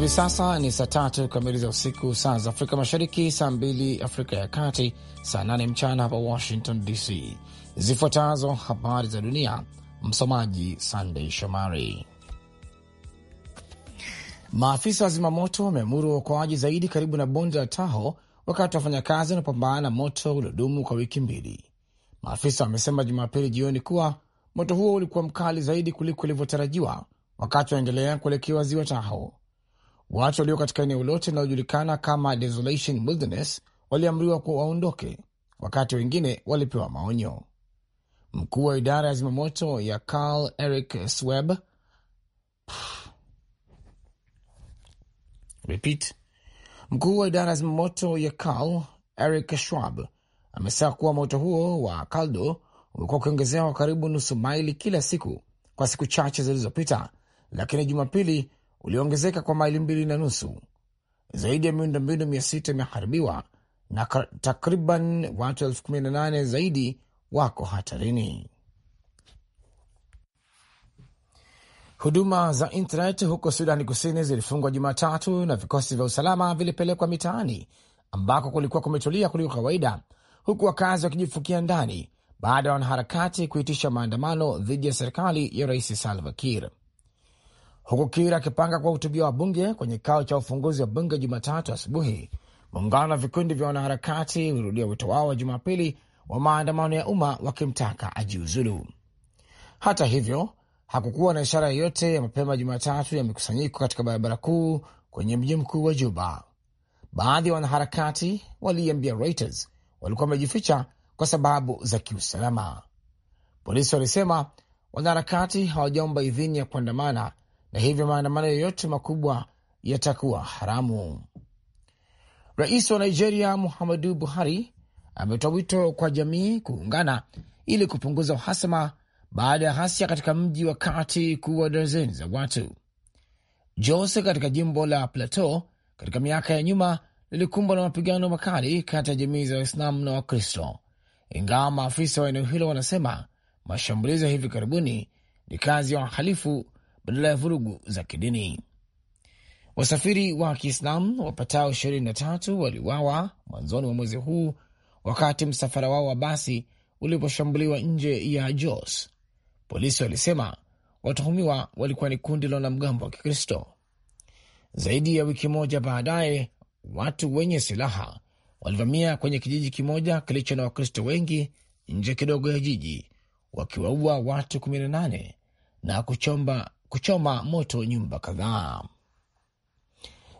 Hivi sasa ni saa tatu kamili za usiku, saa za Afrika Mashariki, saa mbili Afrika ya Kati, saa nane mchana hapa Washington DC. Zifuatazo habari za dunia, msomaji Sandey Shomari. Maafisa wa zimamoto wameamuru uokoaji zaidi karibu na bonde la Taho wakati wafanyakazi wanapambana na moto uliodumu kwa wiki mbili. Maafisa wamesema Jumapili jioni kuwa moto huo ulikuwa mkali zaidi kuliko ilivyotarajiwa wakati wanaendelea kuelekewa ziwa Tahoe. Watu walio katika eneo lote linalojulikana kama Desolation Wilderness waliamriwa kuwa waondoke, wakati wengine walipewa maonyo. Mkuu wa idara ya zimamoto ya Carl Eric Sweb Repeat. Mkuu wa idara ya zimamoto ya Carl Eric Schwab amesema kuwa moto huo wa caldo umekuwa ukiongezewa kwa karibu nusu maili kila siku kwa siku chache zilizopita, lakini Jumapili uliongezeka kwa maili mbili na nusu. Zaidi ya miundombinu mia sita imeharibiwa na takriban watu elfu kumi na nane zaidi wako hatarini. Huduma za intnet huko Sudani Kusini zilifungwa Jumatatu na vikosi vya usalama vilipelekwa mitaani ambako kulikuwa kumetulia kuliko kawaida, huku wakazi wakijifukia ndani baada ya wanaharakati kuitisha maandamano dhidi ya serikali ya Rais Salva Kiir huku Kiir akipanga kuwahutubia wabunge kwenye kikao cha ufunguzi wa bunge Jumatatu asubuhi. Muungano wa vikundi vya wanaharakati ulirudia wito wao wa Jumapili wa maandamano ya umma wakimtaka ajiuzulu. Hata hivyo, hakukuwa na ishara yoyote ya mapema Jumatatu ya mikusanyiko katika barabara kuu kwenye mji mkuu wa Juba. Baadhi ya wanaharakati waliiambia Reuters walikuwa wamejificha kwa sababu za kiusalama. Polisi walisema wanaharakati hawajaomba idhini ya kuandamana na hivyo maandamano yoyote makubwa yatakuwa haramu. Rais wa Nigeria Muhammadu Buhari ametoa wito kwa jamii kuungana ili kupunguza uhasama baada ya ghasia katika mji wa kati kuwa dazeni za watu. Jos katika jimbo la Plateau katika miaka ya nyuma lilikumbwa na mapigano makali kati ya jamii za Waislamu na Wakristo, ingawa maafisa wa eneo hilo wanasema mashambulizi ya hivi karibuni ni kazi ya wahalifu badala ya vurugu za kidini. Wasafiri wa Kiislamu wapatao ishirini na tatu waliwawa mwanzoni mwa mwezi huu wakati msafara wao wa basi uliposhambuliwa nje ya Jos. Polisi walisema watuhumiwa walikuwa ni kundi la wanamgambo wa Kikristo. Zaidi ya wiki moja baadaye, watu wenye silaha walivamia kwenye kijiji kimoja kilicho na Wakristo wengi nje kidogo ya jiji, wakiwaua watu 18 na kuchomba kuchoma moto nyumba kadhaa.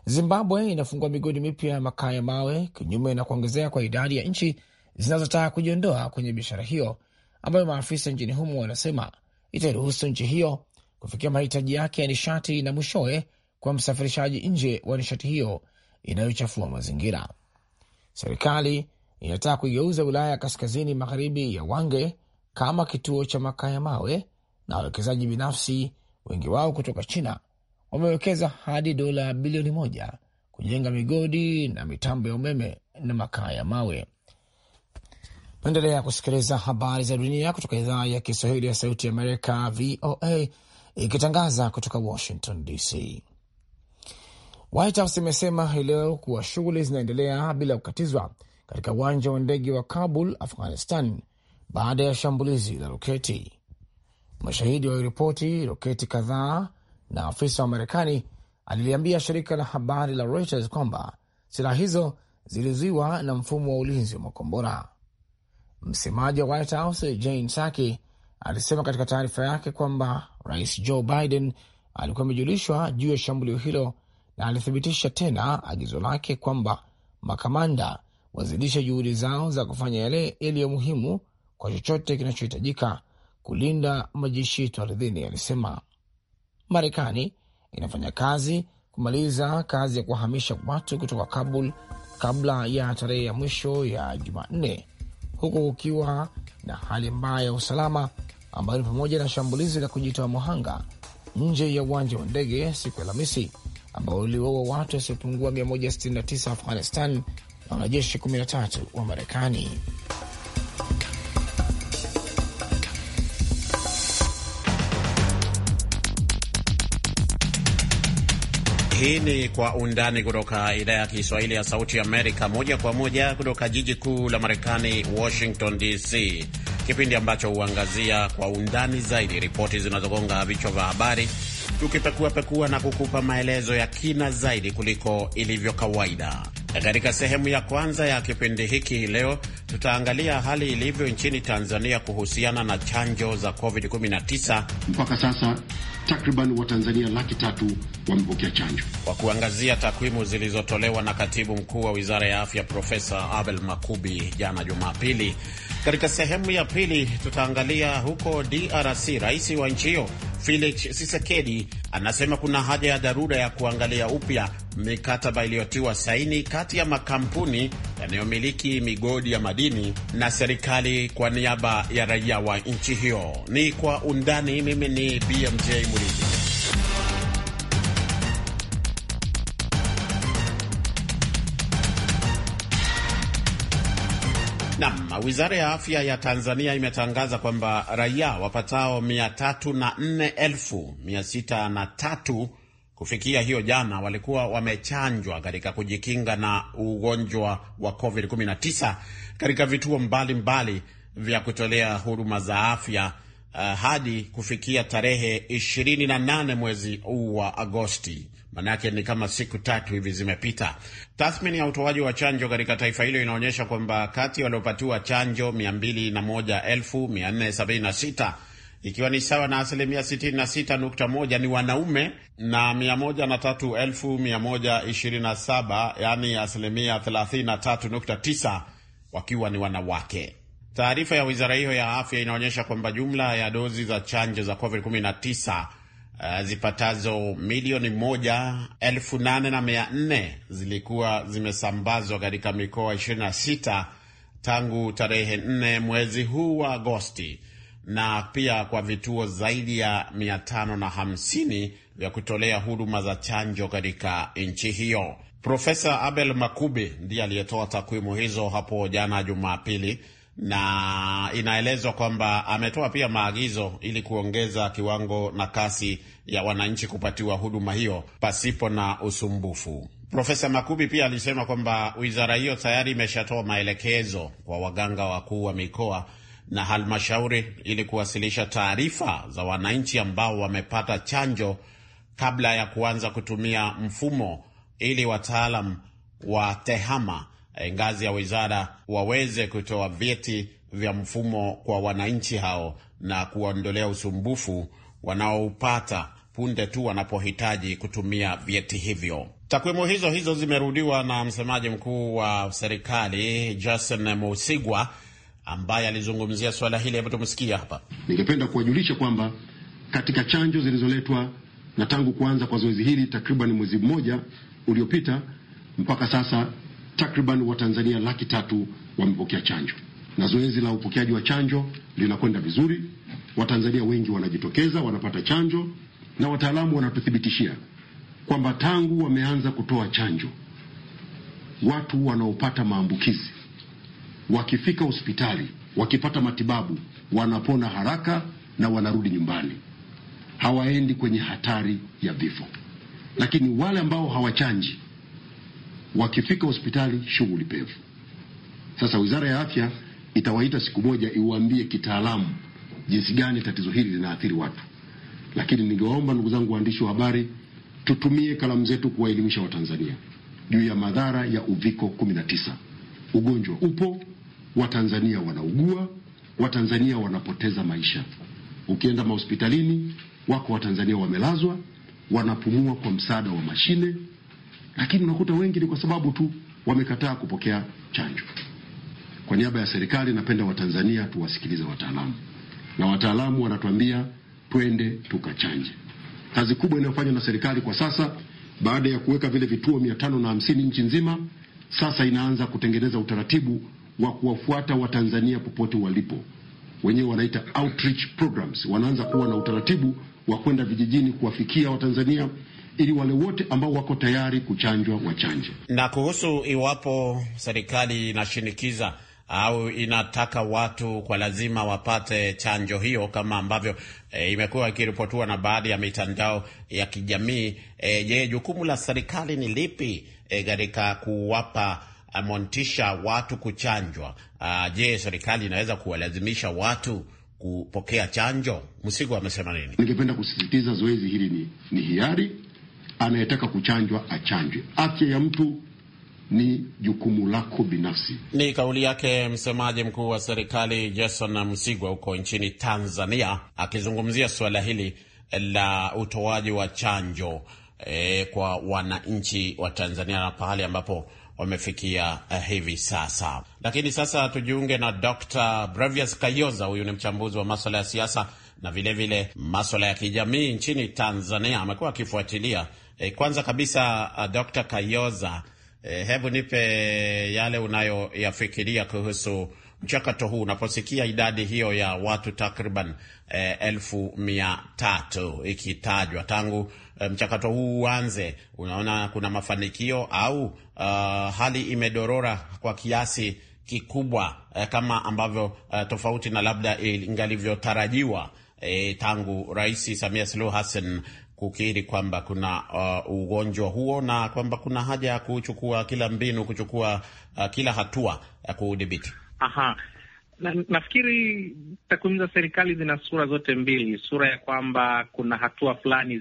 Zimbabwe inafungua migodi mipya ya makaa ya mawe kinyume na kuongezeka kwa idadi ya nchi zinazotaka kujiondoa kwenye biashara hiyo ambayo maafisa nchini humo wanasema itairuhusu nchi hiyo kufikia mahitaji yake ya nishati na mwishowe kwa msafirishaji nje wa nishati hiyo inayochafua mazingira. Serikali inataka kuigeuza wilaya ya kaskazini magharibi ya Wange kama kituo cha makaa ya mawe na wawekezaji binafsi wengi wao kutoka China, wamewekeza hadi dola bilioni moja kujenga migodi na mitambo ya umeme na makaa ya mawe. Naendelea kusikiliza habari za dunia kutoka idhaa ya Kiswahili ya Sauti ya Amerika, VOA, ikitangaza kutoka Washington DC. White House imesema hii leo kuwa shughuli zinaendelea bila kukatizwa katika uwanja wa ndege wa Kabul, Afghanistan, baada ya shambulizi la roketi. Mashahidi waliripoti roketi kadhaa, na afisa wa Marekani aliliambia shirika la habari la Reuters kwamba silaha hizo zilizuiwa na mfumo wa ulinzi wa makombora. Msemaji wa White House Jane Saki alisema katika taarifa yake kwamba Rais Joe Biden alikuwa amejulishwa juu ya shambulio hilo na alithibitisha tena agizo lake kwamba makamanda wazidisha juhudi zao za kufanya yale yaliyo muhimu kwa chochote kinachohitajika kulinda majeshi yetu ardhini, alisema. Marekani inafanya kazi kumaliza kazi ya kuwahamisha watu kutoka Kabul kabla ya tarehe ya mwisho ya Jumanne, huku kukiwa na hali mbaya ya usalama ambayo ni pamoja na shambulizi la kujitoa muhanga nje ya uwanja wa ndege siku ya Alhamisi ambao uliwaua watu wasiopungua 169 Afghanistan na wanajeshi 13 wa Marekani. Hii ni Kwa Undani kutoka idhaa ya Kiswahili ya Sauti Amerika, moja kwa moja kutoka jiji kuu la Marekani, Washington DC, kipindi ambacho huangazia kwa undani zaidi ripoti zinazogonga vichwa vya habari, tukipekuapekua na kukupa maelezo ya kina zaidi kuliko ilivyo kawaida. Katika sehemu ya kwanza ya kipindi hiki leo tutaangalia hali ilivyo nchini Tanzania kuhusiana na chanjo za COVID-19. Mpaka sasa takriban Watanzania laki tatu wamepokea chanjo. Kwa kuangazia takwimu zilizotolewa na katibu mkuu wa wizara ya afya Profesa Abel Makubi jana Jumapili. Katika sehemu ya pili tutaangalia huko DRC, rais wa nchi hiyo Felix sisekedi anasema kuna haja ya dharura ya kuangalia upya mikataba iliyotiwa saini kati ya makampuni yanayomiliki migodi ya madini na serikali kwa niaba ya raia wa nchi hiyo. Ni kwa undani. Mimi ni BMJ Muridi. Wizara ya afya ya Tanzania imetangaza kwamba raia wapatao mia elfu mia na tatu kufikia hiyo jana walikuwa wamechanjwa katika kujikinga na ugonjwa wa COVID-19 katika vituo mbalimbali mbali vya kutolea huduma za afya uh, hadi kufikia tarehe 28 mwezi huu wa Agosti. Manake ni kama siku tatu hivi zimepita. Tathmini ya utoaji wa chanjo katika taifa hilo inaonyesha kwamba kati waliopatiwa chanjo 201,476 ikiwa ni sawa na asilimia 66.1 ni wanaume na 103,127 yani asilimia 33.9 wakiwa ni wanawake. Taarifa ya wizara hiyo ya afya inaonyesha kwamba jumla ya dozi za chanjo za COVID-19 uh, zipatazo milioni moja elfu nane na mia nne zilikuwa zimesambazwa katika mikoa 26 tangu tarehe nne mwezi huu wa Agosti na pia kwa vituo zaidi ya na hamsini vya kutolea huduma za chanjo katika nchi hiyo. Profesa Abel makubi ndiye aliyetoa takwimu hizo hapo jana Jumapili na inaelezwa kwamba ametoa pia maagizo ili kuongeza kiwango na kasi ya wananchi kupatiwa huduma hiyo pasipo na usumbufu. Profesa Makubi pia alisema kwamba wizara hiyo tayari imeshatoa maelekezo kwa waganga wakuu wa mikoa na halmashauri ili kuwasilisha taarifa za wananchi ambao wamepata chanjo kabla ya kuanza kutumia mfumo ili wataalam wa tehama Eh, ngazi ya wizara waweze kutoa vyeti vya mfumo kwa wananchi hao na kuondolea usumbufu wanaoupata punde tu wanapohitaji kutumia vyeti hivyo. Takwimu hizo hizo zimerudiwa na msemaji mkuu wa serikali Jason Musigwa ambaye alizungumzia suala hili. Hebu tumsikie hapa. Ningependa kuwajulisha kwamba katika chanjo zilizoletwa na tangu kuanza kwa zoezi hili takriban mwezi mmoja uliopita mpaka sasa takriban Watanzania laki tatu wamepokea chanjo na zoezi la upokeaji wa chanjo linakwenda vizuri. Watanzania wengi wanajitokeza wanapata chanjo, na wataalamu wanatuthibitishia kwamba tangu wameanza kutoa chanjo, watu wanaopata maambukizi wakifika hospitali wakipata matibabu wanapona haraka na wanarudi nyumbani, hawaendi kwenye hatari ya vifo. Lakini wale ambao hawachanji wakifika hospitali shughuli pevu. Sasa wizara ya afya itawaita siku moja, iwaambie kitaalamu jinsi gani tatizo hili linaathiri watu. Lakini ningewaomba ndugu zangu waandishi wa habari, tutumie kalamu zetu kuwaelimisha Watanzania juu ya madhara ya uviko 19. Ugonjwa upo, Watanzania wanaugua, Watanzania wanapoteza maisha. Ukienda mahospitalini wako Watanzania wamelazwa, wanapumua kwa msaada wa mashine lakini unakuta wengi ni kwa sababu tu wamekataa kupokea chanjo. Kwa niaba ya serikali, napenda Watanzania tuwasikilize wataalamu, na wataalamu wanatuambia twende tukachanje. Kazi kubwa inayofanywa na serikali kwa sasa, baada ya kuweka vile vituo mia tano na hamsini nchi nzima, sasa inaanza kutengeneza utaratibu wa kuwafuata Watanzania popote walipo. Wenyewe wanaita outreach programs, wanaanza kuwa na utaratibu wa kwenda vijijini kuwafikia Watanzania ili wale wote ambao wako tayari kuchanjwa wachanje. Na kuhusu iwapo serikali inashinikiza au inataka watu kwa lazima wapate chanjo hiyo kama ambavyo e, imekuwa ikiripotiwa na baadhi ya mitandao ya kijamii e, je, jukumu la serikali ni lipi e, katika e, kuwapa montisha watu kuchanjwa? A, je, serikali inaweza kuwalazimisha watu kupokea chanjo? Msigo amesema nini? Ningependa kusisitiza zoezi hili ni, ni hiari anayetaka kuchanjwa achanjwe. Afya ya mtu ni jukumu lako binafsi. Ni kauli yake msemaji mkuu wa serikali Jason Msigwa huko nchini Tanzania akizungumzia suala hili la utoaji wa chanjo e, kwa wananchi wa Tanzania na pahali ambapo wamefikia uh, hivi sasa. Lakini sasa tujiunge na Dr. Brevius Kayoza, huyu ni mchambuzi wa maswala ya siasa na vilevile maswala ya kijamii nchini Tanzania. Amekuwa akifuatilia E, kwanza kabisa uh, Dr. Kayoza, e, hebu nipe yale unayoyafikiria kuhusu mchakato huu unaposikia idadi hiyo ya watu takriban e, elfu mia tatu ikitajwa tangu e, mchakato huu uanze, unaona kuna mafanikio au uh, hali imedorora kwa kiasi kikubwa e, kama ambavyo e, tofauti na labda ingalivyotarajiwa e, tangu Rais Samia Suluhu Hassan kukiri kwamba kuna uh, ugonjwa huo na kwamba kuna haja ya kuchukua kila mbinu, kuchukua uh, kila hatua ya kuudhibiti. Aha. Na, nafikiri takwimu za serikali zina sura zote mbili, sura ya kwamba kuna hatua fulani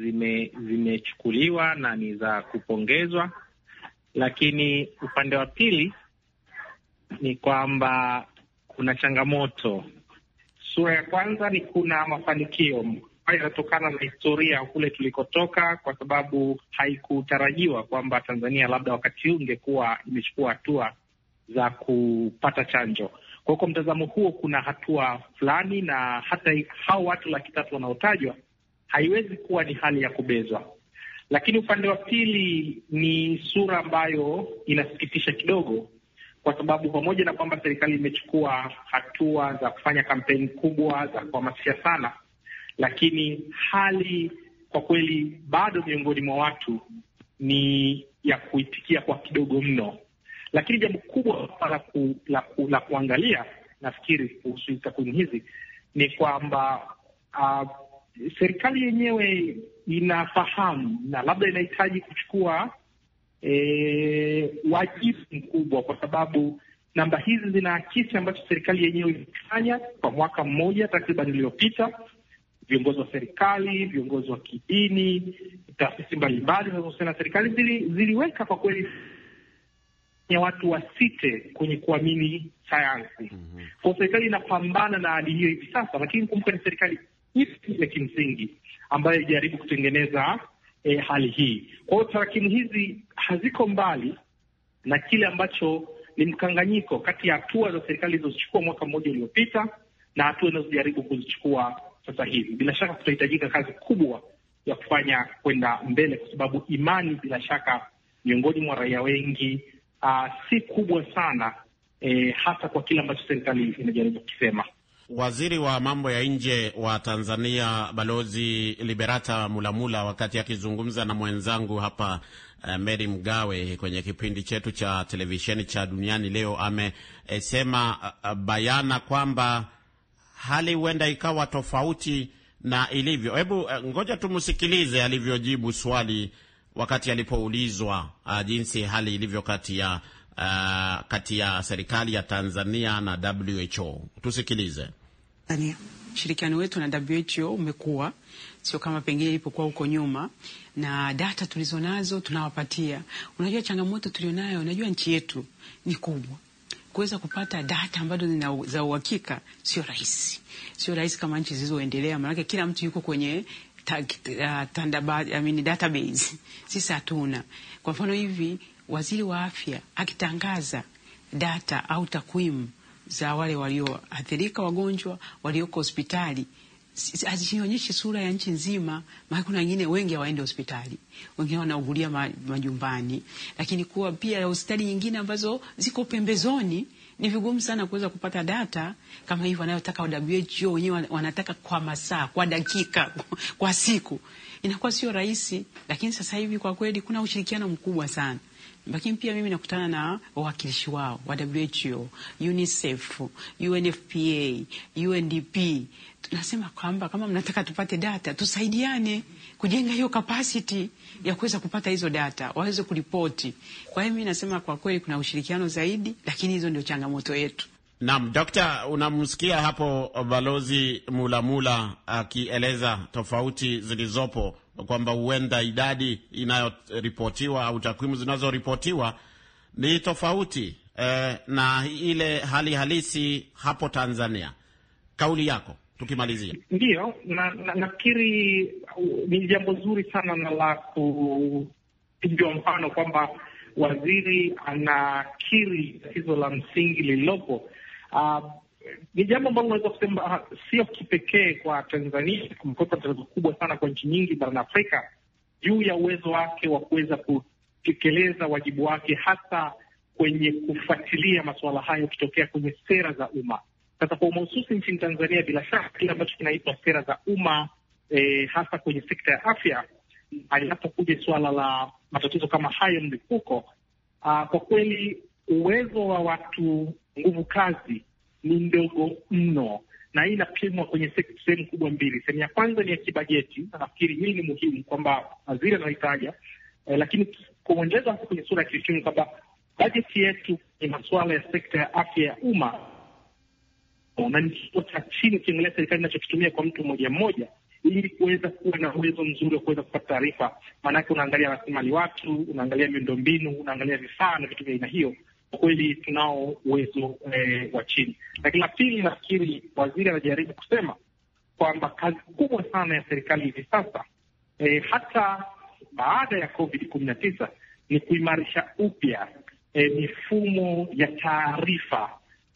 zimechukuliwa zime na ni za kupongezwa, lakini upande wa pili ni kwamba kuna changamoto. Sura ya kwanza ni kuna mafanikio ambayo inatokana na historia kule tulikotoka, kwa sababu haikutarajiwa kwamba Tanzania labda wakati huu ingekuwa imechukua hatua za kupata chanjo. Kwa hiyo kwa mtazamo huo, kuna hatua fulani, na hata hao watu laki tatu wanaotajwa haiwezi kuwa ni hali ya kubezwa. Lakini upande wa pili ni sura ambayo inasikitisha kidogo, kwa sababu pamoja na kwamba serikali imechukua hatua za kufanya kampeni kubwa za kuhamasisha sana, lakini hali kwa kweli bado miongoni mwa watu ni ya kuitikia kwa kidogo mno. Lakini jambo kubwa la, ku, la, ku, la kuangalia nafikiri kuhusu takwimu hizi ni kwamba uh, serikali yenyewe inafahamu na labda inahitaji kuchukua e, wajibu mkubwa, kwa sababu namba hizi zinaakisi ambacho serikali yenyewe imefanya kwa mwaka mmoja takriban iliyopita, viongozi wa serikali, viongozi wa kidini, taasisi mbalimbali zinazohusiana na serikali zili, ziliweka kwa kweli ya watu wasite kwenye kuamini sayansi. mm -hmm. serikali inapambana na hali hiyo hivi sasa, lakini kumbuka, ni serikali ya kimsingi ambayo ijaribu kutengeneza eh, hali hii. Kwa hiyo tarakimu hizi haziko mbali na kile ambacho ni mkanganyiko kati ya hatua za serikali zilizochukua mwaka mmoja uliopita na hatua inazojaribu kuzichukua sasa hivi. Bila shaka kutahitajika kazi kubwa ya kufanya kwenda mbele, kwa sababu imani bila shaka miongoni mwa raia wengi uh, si kubwa sana e, eh, hasa kwa kile ambacho serikali inajaribu kusema. Waziri wa mambo ya nje wa Tanzania Balozi Liberata Mulamula, wakati akizungumza na mwenzangu hapa uh, Mary Mgawe kwenye kipindi chetu cha televisheni cha Duniani Leo, amesema uh, bayana kwamba hali huenda ikawa tofauti na ilivyo. Hebu eh, ngoja tumsikilize alivyojibu swali wakati alipoulizwa uh, jinsi hali ilivyo kati ya uh, kati ya serikali ya Tanzania na WHO. Tusikilize. Ushirikiano wetu na WHO umekuwa sio kama pengine ilipokuwa huko nyuma, na data tulizonazo tunawapatia. Unajua changamoto tulionayo, unajua nchi yetu ni kubwa kuweza kupata data ambazo ni za uhakika sio rahisi, sio rahisi kama nchi zilizoendelea, maanake kila mtu yuko kwenye uh, tandabad, I mean database. Sisi hatuna. Kwa mfano hivi, waziri wa afya akitangaza data au takwimu za wale walioathirika, wagonjwa walioko hospitali hazionyeshi sura ya nchi nzima, maana kuna wengine wengi hawaende hospitali, wengine wanaugulia majumbani, lakini kuwa pia hospitali nyingine ambazo ziko pembezoni ni vigumu sana kuweza kupata data kama hivyo wanayotaka WHO wenyewe, wanataka kwa masaa, kwa dakika, kwa siku, inakuwa sio rahisi. Lakini sasa hivi kwa kweli kuna ushirikiano mkubwa sana. Lakini pia mimi nakutana na wawakilishi wao wa WHO, UNICEF, UNFPA, UNDP. Tunasema kwamba kama mnataka tupate data, tusaidiane kujenga hiyo capacity ya kuweza kupata hizo data, waweze kuripoti. Kwa hiyo mimi nasema kwa kweli kuna ushirikiano zaidi, lakini hizo ndio changamoto yetu. Naam, Dokta, unamsikia hapo Balozi Mulamula akieleza tofauti zilizopo kwamba huenda idadi inayoripotiwa au takwimu zinazoripotiwa ni tofauti eh, na ile hali halisi hapo Tanzania. Kauli yako tukimalizia. Ndiyo, nafikiri na, na ni jambo zuri sana na la kupigwa mfano kwamba waziri anakiri tatizo la msingi lililopo. Uh, ni jambo ambalo unaweza kusema ah, sio kipekee kwa Tanzania. Kumekuwepo tatizo kubwa sana kwa nchi nyingi barani Afrika juu ya uwezo wake wa kuweza kutekeleza wajibu wake, hasa kwenye kufuatilia masuala hayo kutokea kwenye sera za umma. Sasa kwa umahususi nchini Tanzania, bila shaka kile ambacho kinaitwa sera za umma e, hasa kwenye sekta ya afya, alinapokuja suala la matatizo kama hayo mlipuko, ah, kwa kweli uwezo wa watu nguvu kazi ni ndogo mno, na hii inapimwa kwenye sehemu kubwa mbili. Sehemu ya kwanza ni ya kibajeti, na nafikiri hili ni muhimu kwamba waziri anaitaja eh, lakini kuongeza hasa kwenye sura ya kiuchumi kwamba bajeti yetu ni masuala ya sekta ya afya ya umma na ni kipo cha chini ukiangalia serikali inachokitumia kwa mtu mmoja mmoja, ili kuweza kuwa na uwezo mzuri wa kuweza kupata taarifa. Maanake unaangalia rasilimali watu, unaangalia miundombinu, unaangalia vifaa na vitu vya aina hiyo kweli tunao uwezo eh, wa chini. Lakini la pili, nafikiri waziri anajaribu kusema kwamba kazi kubwa sana ya serikali hivi sasa eh, hata baada ya COVID kumi na tisa ni kuimarisha upya eh, mifumo ya taarifa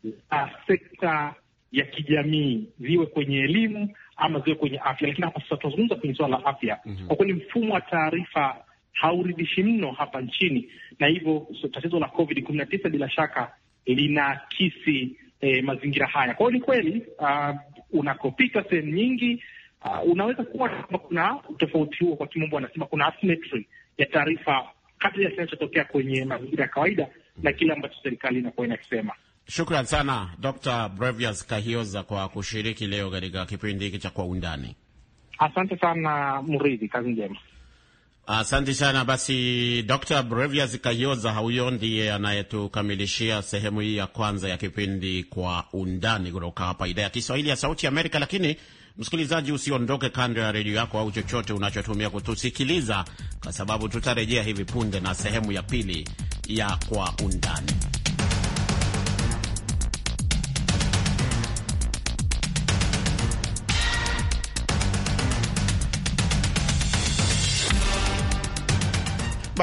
za sekta ya kijamii ziwe kwenye elimu ama ziwe kwenye afya. Lakini hapa sasa tunazungumza kwenye suala la afya, mhm. kwa kweli mfumo wa taarifa hauridhishi mno hapa nchini, na hivyo so, tatizo la COVID kumi na tisa bila shaka linaakisi eh, mazingira haya. Kwa hiyo ni kweli uh, unakopita sehemu nyingi uh, unaweza kuwa kama kuna utofauti huo, kwa kimombo wanasema kuna asymmetry ya taarifa kati ya kinachotokea kwenye mazingira ya kawaida na kile ambacho serikali inakuwa inakisema. Shukran sana Dr. Brevias Kahioza kwa kushiriki leo katika kipindi hiki cha Kwa Undani. Asante sana Muridhi, kazi njema. Asante sana basi, Dr Brevias Kayoza. Huyo ndiye anayetukamilishia sehemu hii ya kwanza ya kipindi Kwa Undani kutoka hapa idhaa ya Kiswahili ya Sauti Amerika. Lakini msikilizaji, usiondoke kando ya redio yako au chochote unachotumia kutusikiliza, kwa sababu tutarejea hivi punde na sehemu ya pili ya Kwa Undani.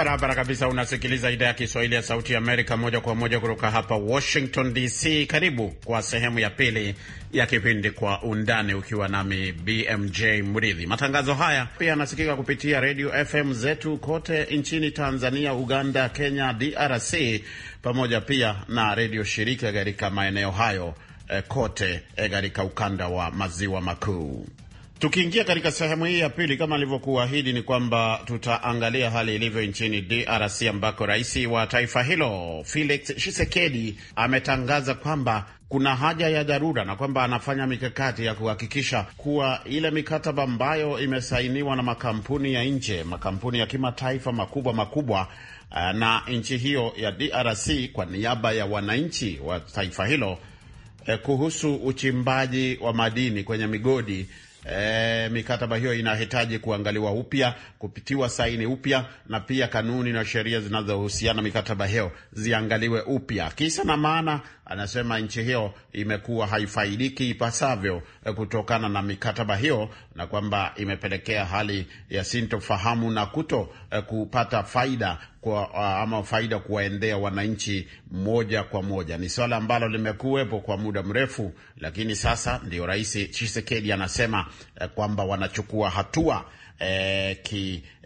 Barabara kabisa. Unasikiliza idhaa ya Kiswahili ya Sauti Amerika moja kwa moja kutoka hapa Washington DC. Karibu kwa sehemu ya pili ya kipindi Kwa Undani, ukiwa nami BMJ Mridhi. Matangazo haya pia yanasikika kupitia redio FM zetu kote nchini Tanzania, Uganda, Kenya, DRC pamoja pia na redio shirika katika maeneo hayo eh, kote eh, katika ukanda wa maziwa makuu. Tukiingia katika sehemu hii ya pili, kama alivyokuahidi, ni kwamba tutaangalia hali ilivyo nchini DRC ambako rais wa taifa hilo Felix Tshisekedi ametangaza kwamba kuna haja ya dharura na kwamba anafanya mikakati ya kuhakikisha kuwa ile mikataba ambayo imesainiwa na makampuni ya nje, makampuni ya kimataifa makubwa makubwa eh, na nchi hiyo ya DRC kwa niaba ya wananchi wa taifa hilo eh, kuhusu uchimbaji wa madini kwenye migodi E, mikataba hiyo inahitaji kuangaliwa upya, kupitiwa saini upya, na pia kanuni na sheria zinazohusiana mikataba hiyo ziangaliwe upya. Kisa na maana anasema nchi hiyo imekuwa haifaidiki ipasavyo e, kutokana na mikataba hiyo na kwamba imepelekea hali ya sintofahamu na kuto e, kupata faida kwa, ama faida kuwaendea wananchi moja kwa moja. Ni swala ambalo limekuwepo kwa muda mrefu, lakini sasa ndio Rais Tshisekedi anasema e, kwamba wanachukua hatua eh,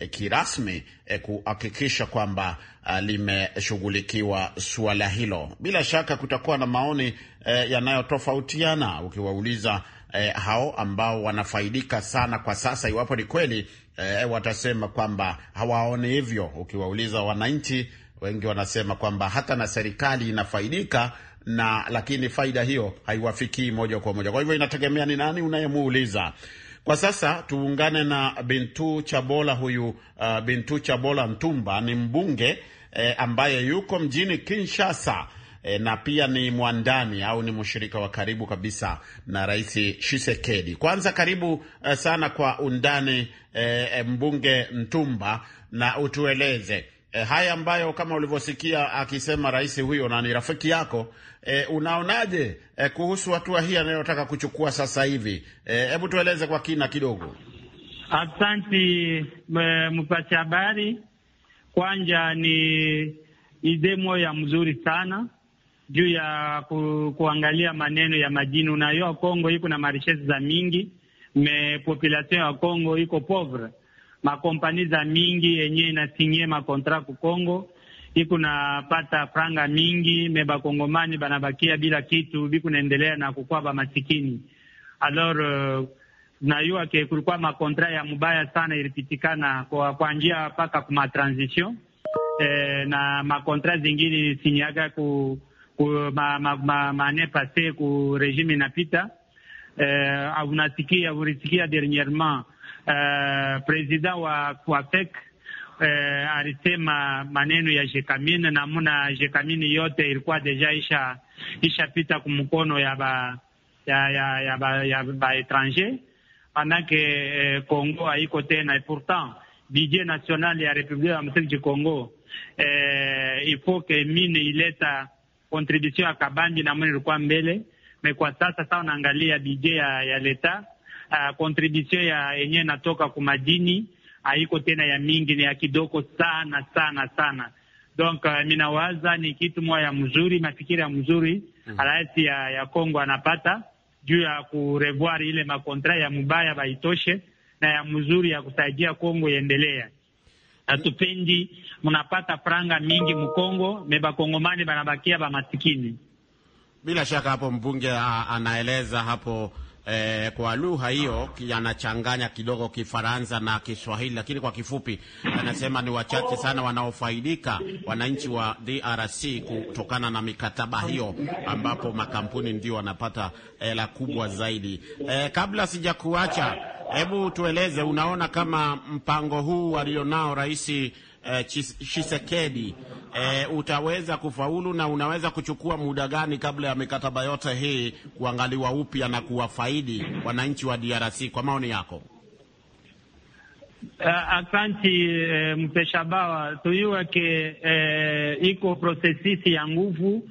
kirasmi ki eh, kuhakikisha kwamba Ah, limeshughulikiwa suala hilo. Bila shaka kutakuwa na maoni eh, yanayotofautiana ukiwauliza eh, hao ambao wanafaidika sana kwa sasa, iwapo ni kweli eh, watasema kwamba hawaoni hivyo. Ukiwauliza wananchi, wengi wanasema kwamba hata na serikali inafaidika na lakini faida hiyo haiwafikii moja kwa moja. Kwa hivyo inategemea ni nani unayemuuliza. Kwa sasa tuungane na Bintu Chabola huyu. Uh, Bintu Chabola Ntumba ni mbunge e, ambaye yuko mjini Kinshasa e, na pia ni mwandani au ni mshirika wa karibu kabisa na Rais Tshisekedi. Kwanza karibu e, sana kwa undani e, e mbunge Mtumba, na utueleze e, haya ambayo kama ulivyosikia akisema rais huyo na ni rafiki yako e, unaonaje e, kuhusu hatua hii anayotaka kuchukua sasa hivi? E, hebu e, tueleze kwa kina kidogo. Asante mpasha habari kwanja ni idee moya mzuri sana juu ya ku, kuangalia maneno ya majini. Unayoa Kongo iko na marishesi za mingi me population ya Kongo iko povre, makompani za mingi yenye inasinye makontra ku Kongo iko napata franga mingi me bakongomani banabakia bila kitu, bikunaendelea na kukwa bamasikini alors uh, na ke kulikuwa makontra ya mubaya sana ilipitikana kwa, kwa njia mpaka kuma transition e, na makontra zingine sinyaga ku, ku ma, ma, ma, mane pase ku regime inapita eh, eh, e, unasikia ulisikia dernierement e, president wa, kuafek e, alisema maneno ya Jekamine na muna Jekamine yote ilikuwa deja isha ishapita kumkono ya ba ya ya ya ba, ya ba etranger manake eh, Kongo haiko tena. Pourtant budget national ya Republique ya Mashariki congo eh, que mine ileta contribution ya kabambi namwene ilikuwa mbele me kwa sasa saa unaangalia budget ya, ya leta uh, contribution ya yenyewe natoka kumadini haiko tena ya mingi, ni ya kidogo sana sana sana. Donc uh, minawaza ni kitu moya ya mzuri, mafikiri ya mzuri mm mm-hmm. -hmm. Raisi ya, ya Kongo anapata juu ya kurevoir ile makontrat ya mubaya baitoshe na ya mzuri ya kusaidia Kongo iendelea. Hatupendi mnapata franga mingi mkongo bakongomani banabakia bamasikini. Bila shaka hapo mbunge anaeleza hapo eh, kwa lugha hiyo yanachanganya kidogo Kifaransa na Kiswahili, lakini kwa kifupi anasema ni wachache sana wanaofaidika wananchi wa DRC kutokana na mikataba hiyo, ambapo makampuni ndio wanapata hela kubwa zaidi. Eh, kabla sijakuacha, hebu tueleze, unaona kama mpango huu alionao Rais eh, Tshisekedi e, utaweza kufaulu na unaweza kuchukua muda gani kabla ya mikataba yote hii kuangaliwa upya na kuwafaidi wananchi wa DRC kwa maoni yako? Uh, asanti eh, eh Mteshabawa, ke uh, iko prosesisi ya nguvu uh,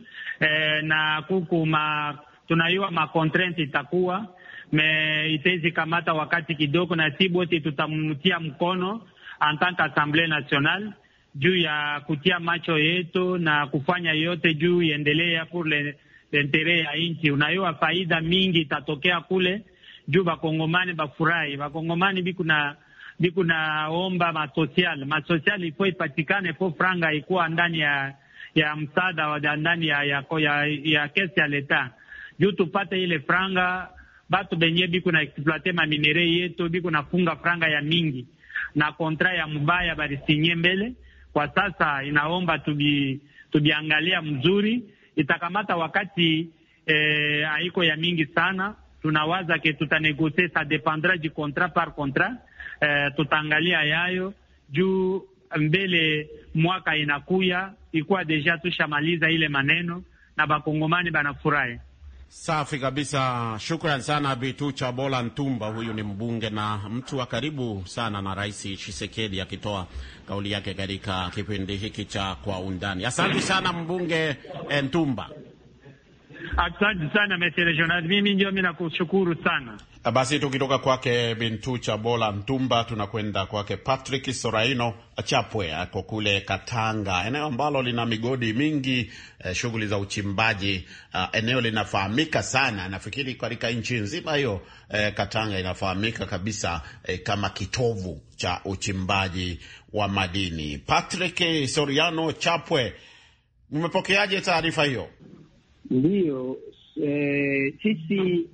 na kuku ma, tunaiwa makontrenti itakuwa me itezi kamata wakati kidogo, na si bote tutamtia mkono antanke Assemblée Nationale juu ya kutia macho yetu na kufanya yote juu iendelee kule lentere ya nchi. Unaiwa faida mingi itatokea kule juu bakongomani bafurahi, bakongomani bikuna bikunaomba masosial masosial ifo ipatikane po franga ikuwa ndani ya ya msaada wa ndani ya, ya, ya, ya kesi ya leta juu tupate ile franga batu benye biku na exploite maminere yetu biku nafunga franga ya mingi na kontra ya mubaya barisinye mbele kwa sasa inaomba tubi, tubiangalia mzuri. Itakamata wakati eh, haiko ya mingi sana. Tunawaza ke tutanegosie sa dependra du contrat par contrat eh, tutaangalia yayo juu mbele mwaka inakuya ikuwa deja tushamaliza ile maneno na bakongomani banafurahi. Safi kabisa, shukran sana cha Bola Ntumba. Huyu ni mbunge na mtu wa karibu sana na Rais chisekedi akitoa kauli yake katika kipindi hiki cha Kwa Undani. Asante sana mbunge eh, Ntumba. Asante sana mese regional, mimi ndio mi nakushukuru sana. Eh, basi tukitoka kwake cha Bola Mtumba, tunakwenda kwake Patrick Soraino Chapwe, ako kule Katanga, eneo ambalo lina migodi mingi, eh, shughuli za uchimbaji. Uh, eneo linafahamika sana, nafikiri katika nchi nzima hiyo. Eh, Katanga inafahamika kabisa eh, kama kitovu cha uchimbaji wa madini. Patrick Soriano Chapwe, umepokeaje taarifa hiyo? Ndiyo, eh, sisi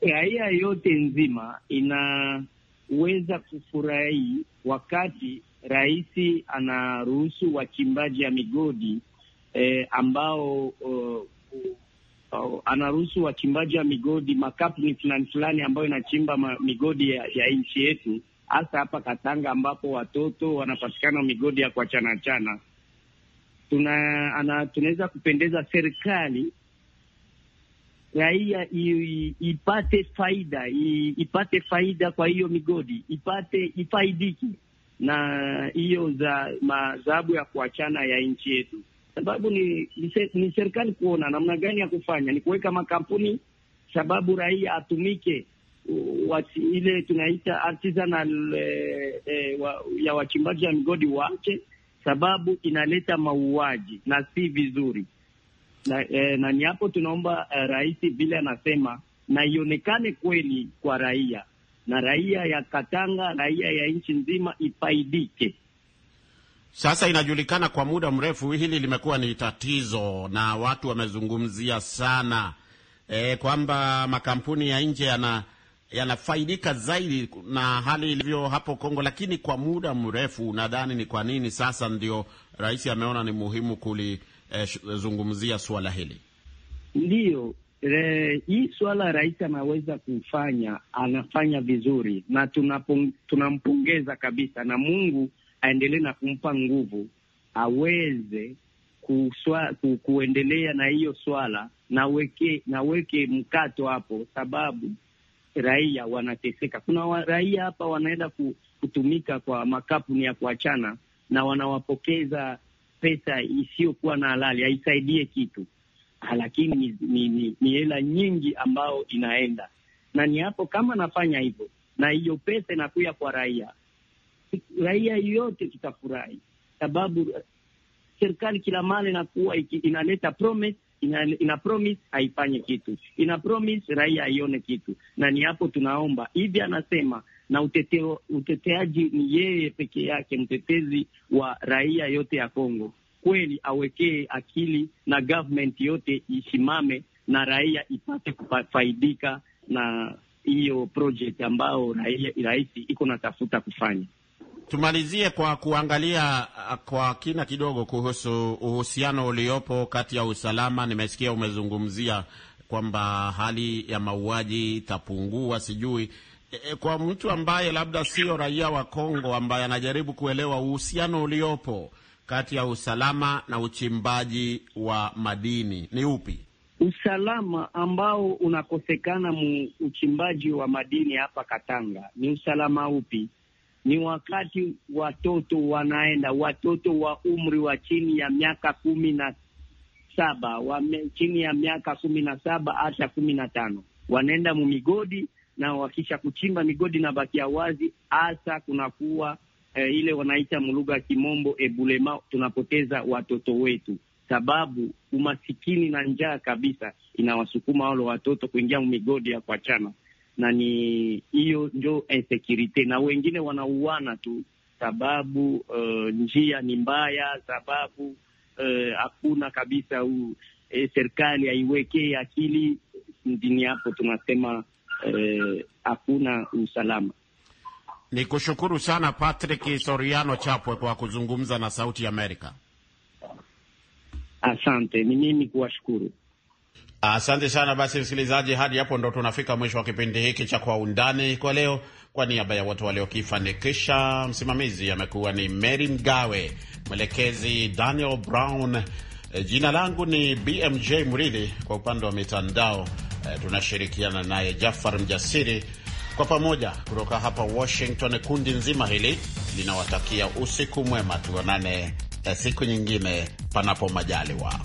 raia yote nzima inaweza kufurahi wakati rais anaruhusu wachimbaji ya migodi eh, ambao uh, uh, anaruhusu wachimbaji ya migodi makampuni fulani fulani ambayo inachimba migodi ya, ya nchi yetu hasa hapa Katanga ambapo watoto wanapatikana migodi ya kuachanachana. Tuna, tunaweza kupendeza serikali raia ipate faida i, ipate faida kwa hiyo migodi ipate ifaidiki na hiyo za madhabu ya kuachana ya nchi yetu. Sababu ni, ni, ni serikali kuona namna gani ya kufanya, ni kuweka makampuni sababu raia atumike wasi, ile tunaita artisanal e, e, wa, ya wachimbaji ya migodi waache, sababu inaleta mauaji na si vizuri na, eh, na ni hapo tunaomba eh, rais vile anasema na ionekane kweli kwa raia na raia ya Katanga, raia ya nchi nzima ifaidike. Sasa inajulikana kwa muda mrefu hili limekuwa ni tatizo, na watu wamezungumzia sana e, kwamba makampuni ya nje yana yanafaidika zaidi na hali ilivyo hapo Kongo, lakini kwa muda mrefu, nadhani ni kwa nini sasa ndio rais ameona ni muhimu kuli eh, zungumzia suala hili. Ndiyo, eh, hii suala rais anaweza kufanya, anafanya vizuri na tunampongeza kabisa, na Mungu aendelee na kumpa nguvu aweze kuswa, ku, kuendelea na hiyo swala naweke na mkato hapo, sababu raia wanateseka. Kuna wa, raia hapa wanaenda kutumika kwa makampuni ya kuachana na wanawapokeza pesa isiyokuwa na halali haisaidie kitu, ah, lakini ni, ni, ni, ni hela nyingi ambayo inaenda na ni hapo. Kama nafanya hivyo na hiyo pesa inakuya kwa raia, raia yote tutafurahi, sababu eh, serikali kila mara inakuwa inaleta promise ina, ina promise haifanyi kitu, ina promise raia aione kitu, na ni hapo tunaomba hivi, anasema na uteteo, uteteaji ni yeye peke yake mtetezi wa raia yote ya Kongo. Kweli awekee akili na government yote isimame na raia ipate kufaidika na hiyo project ambayo rais iko natafuta kufanya. Tumalizie kwa kuangalia uh, kwa kina kidogo kuhusu uhusiano uliopo kati ya usalama. Nimesikia umezungumzia kwamba hali ya mauaji itapungua, sijui Eh, eh, kwa mtu ambaye labda sio raia wa Kongo ambaye anajaribu kuelewa uhusiano uliopo kati ya usalama na uchimbaji wa madini ni upi? Usalama ambao unakosekana mu uchimbaji wa madini hapa Katanga ni usalama upi? Ni wakati watoto wanaenda, watoto wa umri wa chini ya miaka kumi na saba wa chini ya miaka kumi na saba hata kumi na tano wanaenda mumigodi na wakisha kuchimba migodi na baki ya wazi, hasa kunakuwa eh, ile wanaita mlugha ya kimombo ebulema, tunapoteza watoto wetu sababu umasikini na njaa kabisa inawasukuma wale watoto kuingia migodi ya kuachana, na ni hiyo njo insecurity, na wengine wanauana tu sababu uh, njia ni mbaya, sababu eh, hakuna uh, kabisa huu uh, eh, serikali haiwekee akili. Ndini hapo tunasema hakuna eh, usalama. Ni kushukuru sana Patrick Soriano Chapwe kwa kuzungumza na Sauti Amerika. Asante, ni mimi kuwashukuru. Asante sana. Basi msikilizaji, hadi hapo ndo tunafika mwisho wa kipindi hiki cha Kwa Undani kwa leo. Kwa niaba ya wote waliokifanikisha, msimamizi amekuwa ni Mary Mgawe, mwelekezi Daniel Brown, e, jina langu ni BMJ Mridhi, kwa upande wa mitandao eh, tunashirikiana naye Jafar Mjasiri kwa pamoja kutoka hapa Washington. Kundi nzima hili linawatakia usiku mwema, tuonane eh, siku nyingine panapo majaliwa.